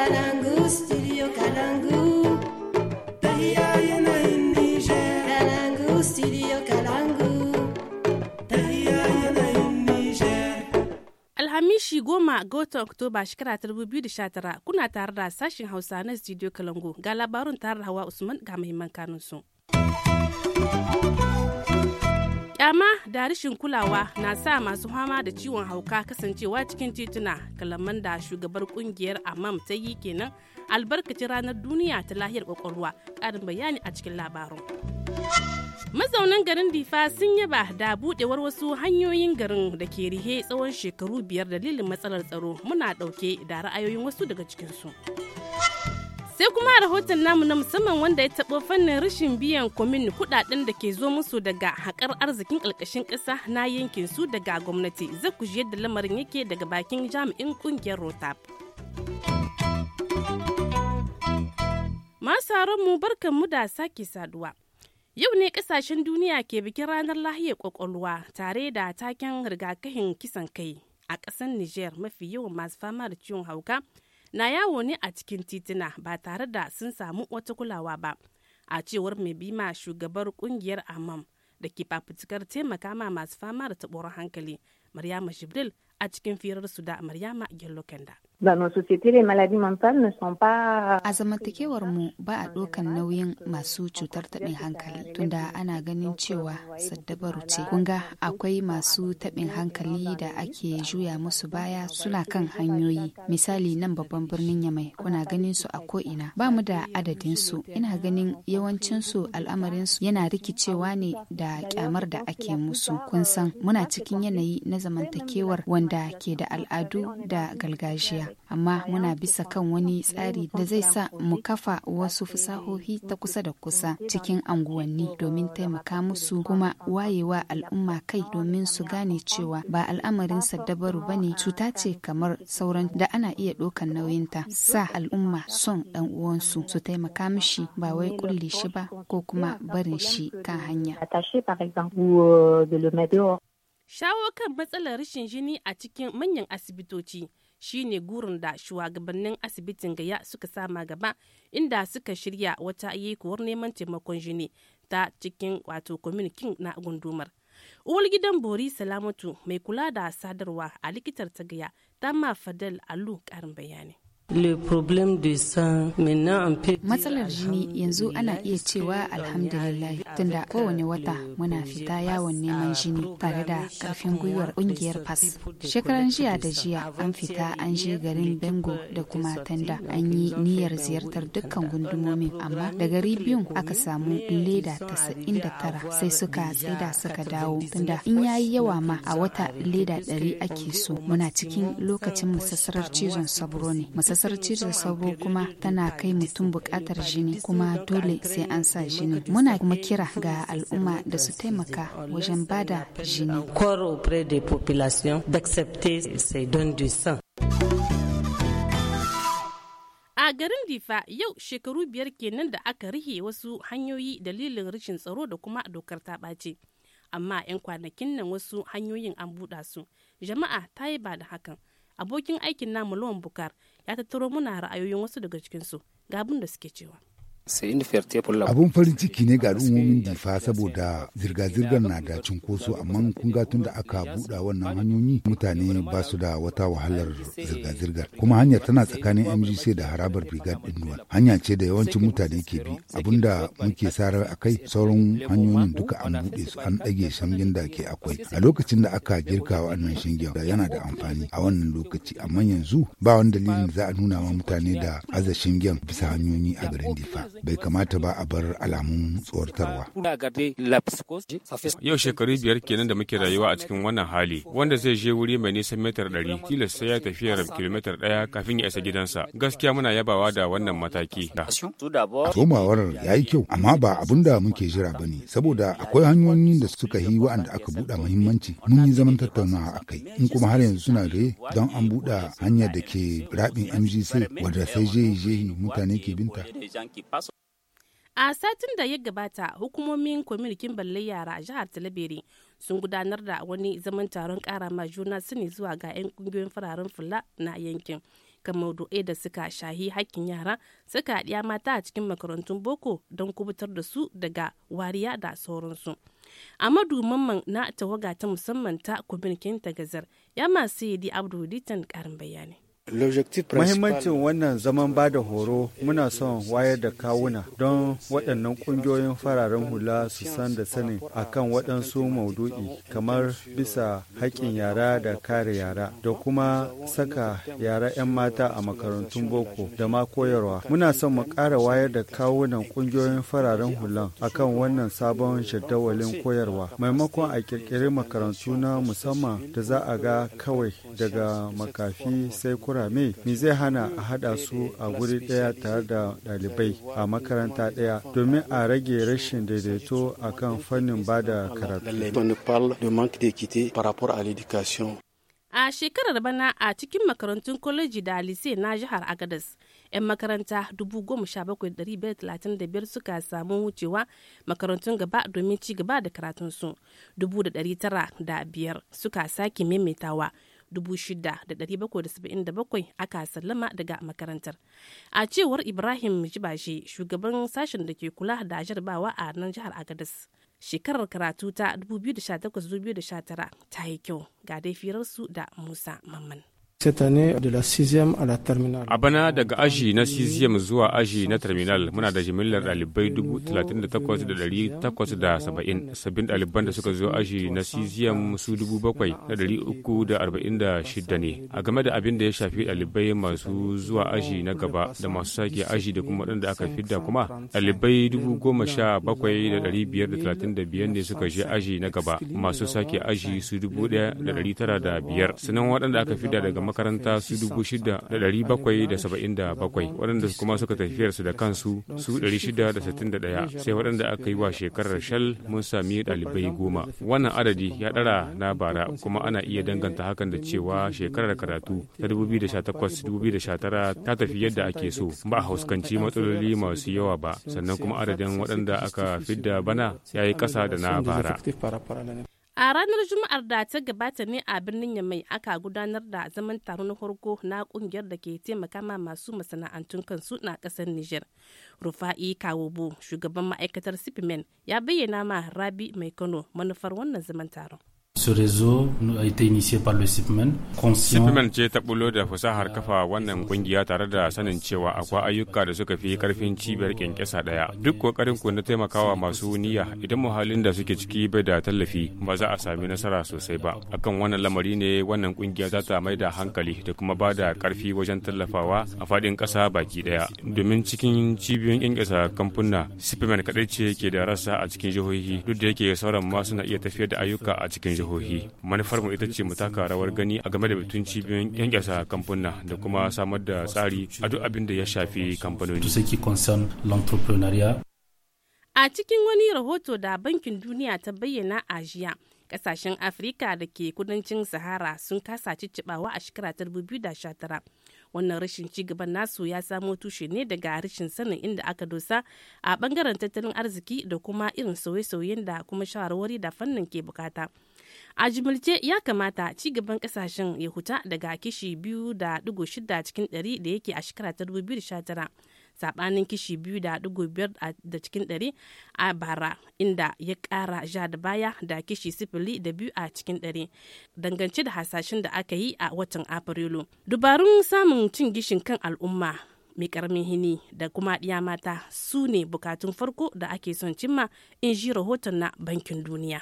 Kalangu, studio Kalangu. Kalangu, studio Kalangu. Alhamishi goma ga watan Oktoba shekara ta tara kuna tare da sashen Hausa na studio Kalangu ga labarun tare da Hawa Usman ga mahimman kanunsu. su. kyama da rashin kulawa na sa masu fama da ciwon hauka kasancewa cikin tituna kalaman da shugabar kungiyar amam ta yi kenan albarkacin ranar duniya ta lahiyar kwakwalwa karin bayani a cikin labarin mazaunan garin difa sun yaba da budewar wasu hanyoyin garin da ke rihe tsawon shekaru biyar dalilin matsalar tsaro muna ɗauke da ra'ayoyin wasu daga cikinsu sai kuma rahoton namu na musamman wanda ya taɓo fannin rashin biyan kwamin kuɗaɗen da ke zo musu daga haƙar arzikin ƙarƙashin ƙasa na yankin su daga gwamnati zai ku yadda lamarin yake daga bakin jami'in ƙungiyar rotap masu mu barkan mu da sake saduwa Yau ne ƙasashen duniya ke bikin ranar lahiyar kwakwalwa tare da taken rigakafin kisan kai a ƙasar Niger mafi yawan masu fama da ciwon hauka na yawo ne a cikin titina ba tare da sun samu wata kulawa ba a cewar mai bima shugabar kungiyar amam da ke fafutukar taimaka ma masu fama da taɓuwar hankali Mariama Jibril a cikin firarsu da Mariama Gello Kenda. A zamantakewar mu ba a ɗaukan nauyin masu cutar taɓin hankali tunda ana ganin cewa saddabaru ce. Kunga akwai masu taɓin hankali da ake juya musu baya suna kan hanyoyi. Misali nan babban birnin Yamai kuna ganin su a ko'ina. Ba mu da adadin su. Ina ganin yawancin su al'amarin su yana rikicewa ne da kyamar da ake musu. Kun san muna cikin yanayi na zamantakewar wanda ke da al'adu da galgajiya. amma muna bisa kan wani tsari da zai sa mu kafa wasu fasahohi ta kusa da kusa cikin anguwanni domin taimaka musu kuma wayewa al'umma kai domin su gane cewa ba al'amarin saddabaru bane cuta ce kamar sauran da ana iya ɗaukan nauyinta sa al'umma son ɗan uwansu su taimaka mishi ba wai kulle shi ba ko kuma barin shi kan hanya. Shawo kan matsalar rashin jini a cikin manyan asibitoci shine gurin da shugabannin asibitin gaya suka sama gaba inda suka shirya wata yekuwar neman taimakon jini ta cikin wato kwaminikin na gundumar. Uwar gidan Bori Salamatu mai kula da sadarwa a likitar ta gaya ta ma fadal Alu karin bayani. Matsalar jini yanzu ana iya cewa alhamdulillah tunda kowane euh, wata muna fita yawon neman jini tare da karfin gwiwar kungiyar PAS. Shekaran jiya da jiya an fita an je garin Bengo euh, da kuma Tanda an yi niyyar ziyartar dukkan gundumomin amma da gari biyun aka samu leda tasa'in da tara sai suka tsida suka dawo tunda in yayi yawa ma a wata leda ɗari ake so muna cikin lokacin musassarar cizon sabro ne. Kasar cizon sauro kuma tana kai mutum bukatar jini kuma dole sai an sa jini. Muna kuma kira ga al'umma da su taimaka wajen bada jini. A garin Difa yau shekaru biyar kenan da aka rihe wasu hanyoyi dalilin rashin tsaro da kuma dokar ta ɓace. Amma 'yan kwanakin nan wasu hanyoyin an buɗa su. Jama'a ta yi ba da hakan. abokin aikin namu lawan bukar ya tattaro muna ra'ayoyin wasu daga cikinsu ga abin da suke cewa abun farin ciki ne ga al'ummomin difa saboda zirga-zirgar na da cunkoso amma kun ga tun da aka buɗa wannan hanyoyi mutane ba su da wata wahalar zirga-zirgar kuma hanyar tana tsakanin mgc da harabar brigade dinuwal hanya ce da yawancin mutane ke bi abinda muke sarar a kai sauran hanyoyin duka an buɗe su an ɗage shingen da ke akwai a lokacin da aka girka wannan shingen da yana da amfani a wannan lokaci amma yanzu ba wani dalilin za a nuna wa mutane da aza shingen bisa hanyoyi a garin difa bai kamata ba a bar alamun tsoratarwa. Yau shekaru biyar kenan da muke rayuwa a cikin wannan hali wanda zai je wuri mai nisan metar ɗari tilas sai ya tafi yaran kilomita ɗaya kafin ya isa gidansa. Gaskiya muna yabawa da wannan mataki. Tomawar ya yi kyau amma ba abun da muke jira ba ne saboda akwai hanyoyin da suka yi wa'anda aka buɗa muhimmanci mun yi zaman tattaunawa a kai in kuma har yanzu suna da don an buɗe hanyar da ke rabin mgc wadda sai jehi-jehi mutane ke binta. a satin da ya gabata hukumomin kwamitin balle yara a jihar talabere sun gudanar da wani zaman taron kara ma juna sani zuwa ga 'yan kungiyoyin fararen fula na yankin kamar maudu'ai da suka shahi hakkin yara suka haɗiya mata a cikin makarantun boko don kubutar da su daga wariya da sauransu amadu mamman na tawaga ta musamman ta kwamitin tagazar ya masu yi di abdu karin bayani Muhimmancin wannan zaman ba da horo muna son wayar da kawuna don waɗannan ƙungiyoyin fararen hula su san da sanin akan waɗansu maudu'i kamar bisa haƙƙin yara da kare yara da kuma saka yara 'yan mata a makarantun boko da ma koyarwa. Muna son mu ƙara wayar da kawunan ƙungiyoyin fararen hulan akan wannan sabon jadawalin koyarwa maimakon a ƙirƙiri makarantu na musamman da za a ga kawai daga makafi sai kura kurame me zai hana a haɗa su a guri ɗaya tare da ɗalibai a makaranta ɗaya domin a rage rashin daidaito a kan fannin ba da karatu. A shekarar bana a cikin makarantun kwaleji da lise na jihar Agadas, 'yan makaranta 17,535 suka samu wucewa makarantun gaba domin ci gaba da karatunsu, 9,905 suka sake maimaitawa 6,777 aka sallama daga makarantar. A cewar Ibrahim Jibashe, shugaban sashen da ke kula da jarabawa a nan jihar Agadas. Shekarar karatu ta 2018-2019 ta yi kyau ga dai firarsu da Musa Mamman. cette année de la la 6e à A bana daga aji na 6e zuwa aji na terminal muna da jimillar dalibai 38,870 sabbin daliban da suka zo aji na 6e su 7,346 ne. A game da abin da ya shafi dalibai masu zuwa aji na gaba da masu sake aji da kuma waɗanda aka fidda kuma dalibai 17,535 ne suka je aji na gaba masu sake aji su 1,905 sannan waɗanda aka fidda daga makaranta su dubu shida da dari bakwai da saba'in da bakwai waɗanda kuma suka tafiyar da kansu su dari shida da sittin da ɗaya sai waɗanda aka yi wa shekarar shal mun sami ɗalibai goma wannan adadi ya ɗara na bara kuma ana iya danganta hakan da cewa shekarar karatu ta 2018 tara ta tafi yadda ake so ba a hauskanci matsaloli masu yawa ba sannan kuma adadin waɗanda aka fidda bana ya yi ƙasa da na bara A ranar Juma'ar da ta gabata ne a birnin Yamai aka gudanar da zaman taro na farko na kungiyar da ke taimaka ma masu masana'antun kansu na kasar Nijar. Rufa'i Kawobo, shugaban ma'aikatar Sipimen, ya bayyana ma Rabi Mai Kano manufar wannan zaman taron. Sipman ce ta bulo da fasahar kafa wannan kungiya tare da sanin cewa akwai ayyuka da suka fi karfin cibiyar kyankyasa daya. Duk kokarin ku na taimakawa masu niyya idan muhallin da suke ciki bai da tallafi ba za a sami nasara sosai ba. Akan wannan lamari ne wannan kungiya za ta mai da hankali da kuma ba da karfi wajen tallafawa a fadin kasa baki daya. Domin cikin cibiyoyin kyankyasa kamfuna Sipman kadai ce ke da rasa a cikin jihohi duk da yake sauran ma suna iya tafiyar da ayyuka a cikin jihohi mu ita ce mu taka rawar gani a game da batun cibiyoyin kyasa kamfuna da kuma samar da tsari a duk abin da ya shafi kamfanoni a cikin wani rahoto da bankin duniya ta bayyana a jiya kasashen afirka da ke kudancin sahara sun kasa ciccibawa a shekara ta 2019 wannan rashin ci gaban nasu ya samo tushe ne daga rashin sanin inda aka dosa a bangaren tattalin arziki da kuma irin sauye-sauyen da kuma shawarwari da fannin ke bukata a jimilce ya kamata ci gaban kasashen ya huta daga kishi biyu da shida cikin dari da yake a shekara ta dubu biyu da sabanin kishi biyu da da cikin dari a bara inda ya kara ja da baya da kishi sifili da biyu a cikin dari dangance da hasashen da aka yi a watan afrilu dubarun samun cin gishin kan al'umma mai karamin hini da kuma ɗiya mata su ne bukatun farko da ake son cimma in ji rahoton na bankin duniya.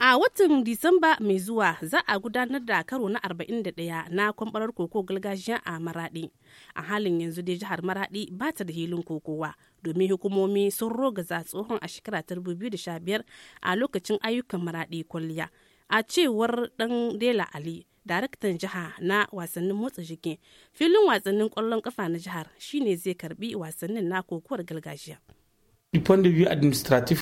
A watan Disamba mai zuwa za a gudanar da karo na 41 na kwambarar koko gargajiya a Maraɗi. A halin yanzu dai jihar Maraɗi ba ta da hilin kokowa domin hukumomi sun roga rogaza tsohon a shekara 2015 a lokacin ayyukan Maraɗi kwalliya. A cewar ɗan Dela Ali, daraktan jiha na wasannin motsa jiki, filin wasannin kwallon kafa na jihar shine zai karbi wasannin na kokowar gargajiya.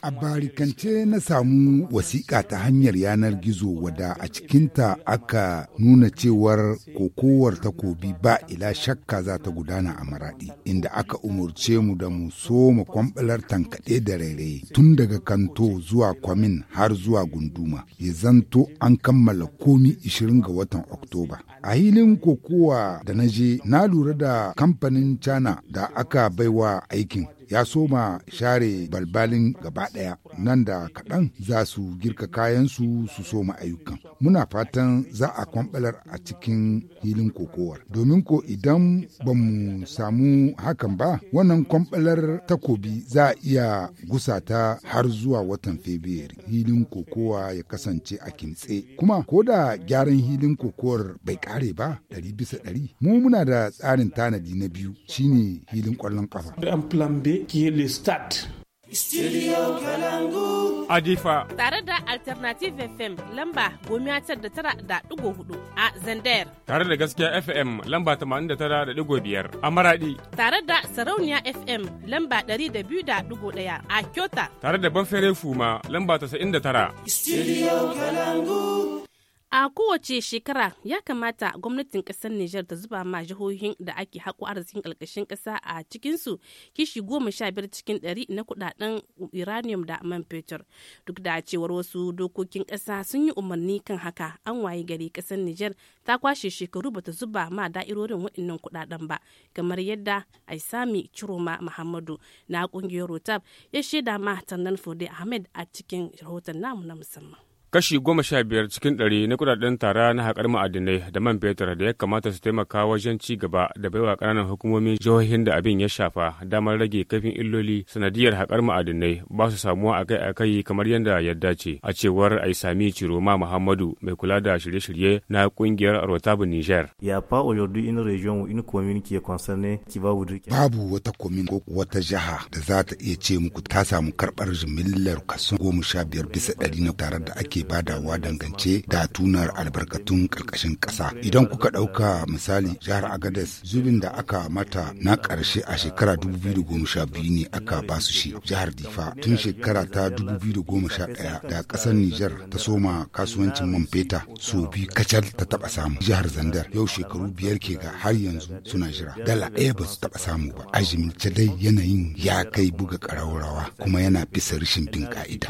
A barikance na samu wasiƙa ta hanyar yanar gizo wada a cikinta aka nuna cewar kokowar takobi ba ila shakka za ta gudana a maraɗi inda aka umurce mu da mu so mu kwamɓalar tankaɗe da rairaye tun daga kanto zuwa kwamin har zuwa gunduma ya zanto an kammala komi 20 ga watan Oktoba. A hilin kokowa da na je na lura da kamfanin China da aka baiwa aikin ya soma share balbalin gaba ɗaya nan da kaɗan za su girka kayansu su soma ayyukan. Muna fatan za a kwamɓalar a cikin hilin kokowar. Domin ko idan ba mu samu hakan ba, wannan kwamɓalar takobi za a iya gusata har zuwa watan Fabrairu. Hilin kokowa ya kasance a kintse. Kuma ko da gyaran hilin kokowar bai kare ba ɗari bisa ɗari, mu muna da tsarin tanadi na biyu shine hilin ƙwallon ƙafa. shine start. Studio Kalangu. Adifa. Tare da Alternative FM lamba goma tar da tara da ɗigo hudu a Zender. Tare da gaskiya FM lamba tamanin da tara da ɗigo biyar a Maradi. Tare da Sarauniya FM lamba ɗari da biyu da ɗigo ɗaya a Kyota. Tare da Banfere Fuma lamba tasa'in da tara. Studio Kalangu. A kowace shekara ya kamata gwamnatin ƙasar Nijar ta zuba ma jihohin da ake haƙo arzikin ƙarƙashin ƙasa a cikinsu kishi goma sha biyar cikin ɗari na kuɗaɗen uranium da man fetur. Duk da cewar wasu dokokin ƙasa sun yi umarni kan haka an waye gari ƙasar Nijar ta kwashe shekaru bata zuba ma da'irorin waɗannan kuɗaɗen ba kamar yadda sami ciroma Muhammadu na ƙungiyar Rotab ya shaida ma Tannan Fode Ahmed a cikin rahoton namu na musamman. kashi goma sha biyar cikin ɗari na kudaden tara na haƙar ma'adinai da man fetur da ya kamata su taimaka wajen ci gaba da baiwa ƙananan hukumomin jihohin da abin ya shafa damar rage kafin illoli sanadiyar haƙar ma'adinai ba su samuwa a akai kamar yadda ya dace a cewar sami ciroma muhammadu mai kula da shirye-shirye na ƙungiyar rotabu niger. babu wata komin ko wata jiha da za ta iya ce muku ta samu karɓar jimillar kaso goma sha biyar bisa ɗari na tare da ake badawa dangance da tunar albarkatun ƙarƙashin ƙasa. Idan kuka ɗauka misali jihar Agadez zubin da aka mata na ƙarshe a shekara 2012 ne aka basu shi jihar Difa tun shekara ta 2011 da ƙasar Nijar ta soma kasuwancin man feta so bi kacal ta taɓa samu. Jihar Zandar yau shekaru biyar ke ga har yanzu suna jira. Dala ɗaya ba su taɓa samu ba. Ajimin dai yanayin ya kai buga ƙararrawa kuma yana bisa rishin bin ka'ida.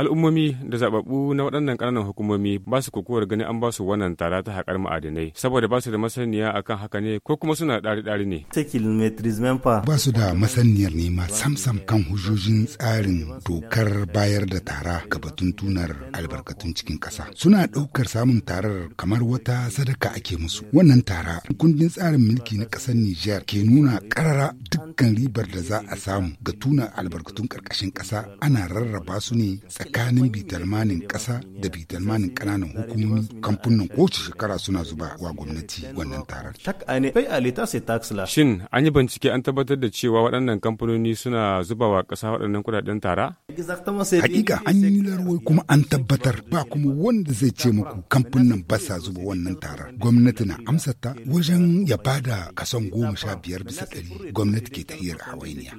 Al'ummomi da zaɓaɓɓu na waɗannan ƙananan hukumomi ba su kokowar ganin an ba su wannan tara ta haƙar ma'adinai saboda ba su da masaniya akan haka ne ko kuma suna ɗari-ɗari ne. Ba su da masaniyar nema samsam kan hujjojin tsarin dokar bayar da tara ga batun tunar albarkatun cikin ƙasa. Suna ɗaukar samun tarar kamar wata sadaka ake musu. Wannan tara kundin tsarin mulki na ƙasar Nijar ke nuna ƙarara dukkan ribar da za a samu ga tuna albarkatun ƙarƙashin ƙasa ana rarraba su ne tsakanin bitalmanin ƙasa da bitalmanin ƙananan hukumomi kamfunan kowace shekara suna zuba wa gwamnati wannan tarar. Shin an yi bincike an tabbatar da cewa waɗannan kamfanoni suna zuba wa ƙasa waɗannan kuɗaɗen tara? Hakika an yi larwai kuma an tabbatar ba kuma wanda zai ce muku kamfanin ba sa zuba wannan tarar. Gwamnati na amsata wajen ya bada kason goma sha biyar bisa ɗari gwamnati ke tahiyar hawainiya.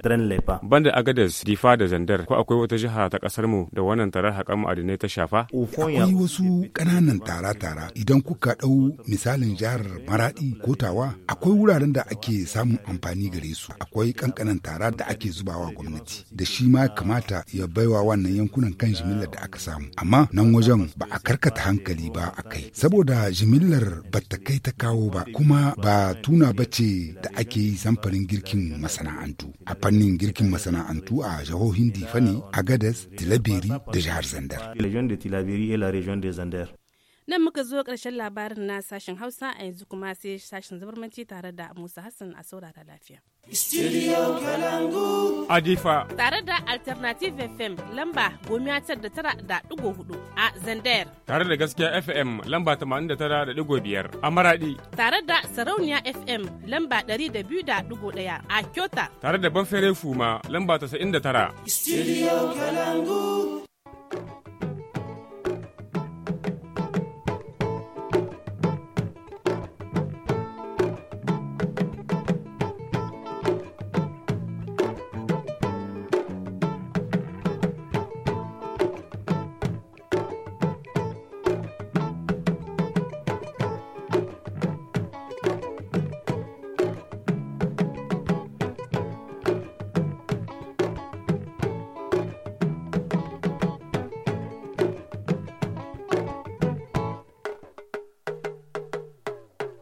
Banda Agadez, Difa da Zandar ko akwai wata jiha ta ƙasar mu da wannan tarar haƙan ma'adinai ta shafa? Akwai wasu ƙananan tara-tara idan kuka ɗau misalin jihar Maraɗi ko Tawa akwai wuraren da ake samun amfani gare su akwai ƙanƙanan tara da ake zubawa gwamnati da shi ma kamata ya baiwa wannan yankunan kan jimillar da aka samu amma nan wajen ba a karkata hankali ba a kai saboda jimillar ba ta kai ta kawo ba kuma ba tuna ba ce da ake yi samfarin girkin masana'antu a fannin girkin masana'antu a jihohin Difani, gadas Tilaberi da jihar Zandar. de Tilaberi et la région des Zander. Nan muka zo ƙarshen labarin na sashen Hausa a yanzu kuma sai sashen zubarmanci tare da Musa Hassan a saurara lafiya. Studio Kalangu. Adifa. Tare da Alternative FM lamba gomiya tar da tara da digo hudu a zander. Tare da gaskiya FM lamba tamanin da tara da digo biyar a Maradi. Tare da Sarauniya FM lamba dari da biyu da digo daya a Kyota. Tare da Banfere Fuma lamba tasa'in da tara. Studio Kalangu.